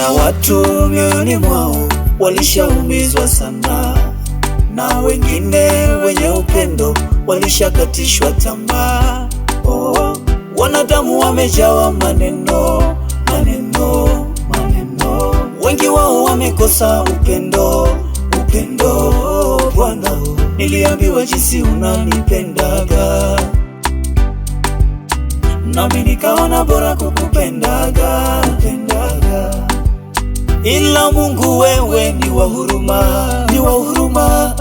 na watu mioyoni mwao walishaumizwa sana, na wengine wenye upendo walishakatishwa tamaa. Oh, wanadamu wamejawa maneno maneno maneno, wengi wao wamekosa upendo upendo. Bwana, niliambiwa jinsi unanipendaga nami nikaona bora kukupendaga ila Mungu wewe ni wa huruma, ni wa huruma,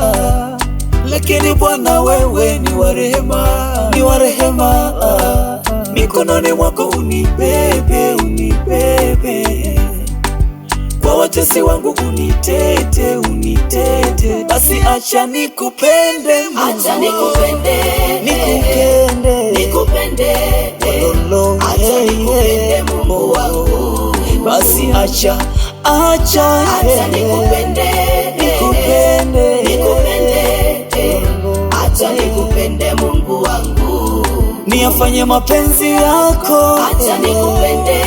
lakini Bwana wewe ni wa rehema, ni wa rehema. Mikononi mwako unibebe, unibebe kwa watesi wangu unitete, unitete. Basi acha nikupende, acha nikupende, nikupende, nikupende, acha nikupende Mungu wangu, basi acha acha nikupende nikupende nikupende acha nikupende Mungu wangu niyafanye mapenzi yako acha nikupende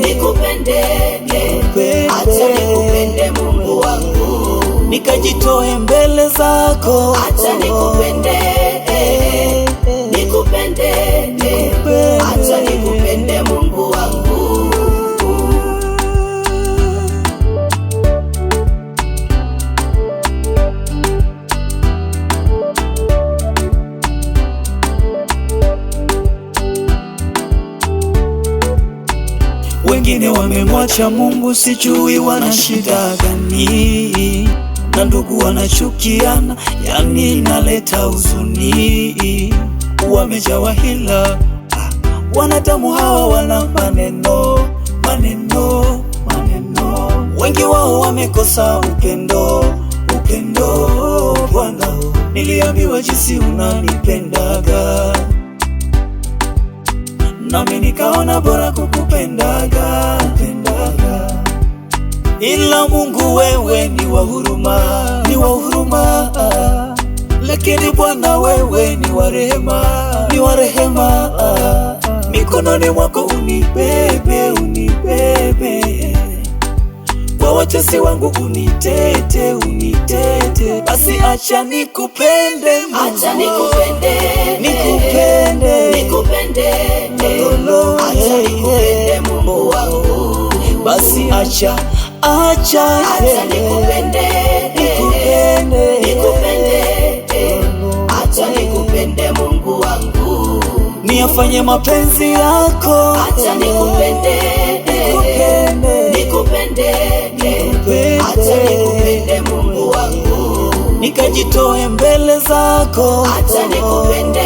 nikupende nikupende acha nikupende Mungu wangu nikajitoe mbele zako acha nikupende wengine wamemwacha Mungu, sijui wana shida gani, na ndugu wanachukiana, yani naleta huzuni. Wamejawa hila ah, wanadamu hawa, wana maneno maneno maneno, wengi wao wamekosa upendo upendo. Bwana, niliambiwa jinsi unanipendaga, nami nikaona bora kuku pendaga, pendaga. Ila Mungu wewe ni wa huruma, ni wa huruma, lakini Bwana wewe ni wa rehema, ni wa rehema. Mikononi mwako unibebe, unibebe kwa wachasi wangu unitete, unitete. Basi acha nikupende, acha nikupende, nikupende, nikupende, nikupende basi acha acha nikupende acha nikupende Mungu wangu niyafanye mapenzi yako acha nikupende nikupende acha nikupende Mungu wangu nikajitoe mbele zako acha nikupende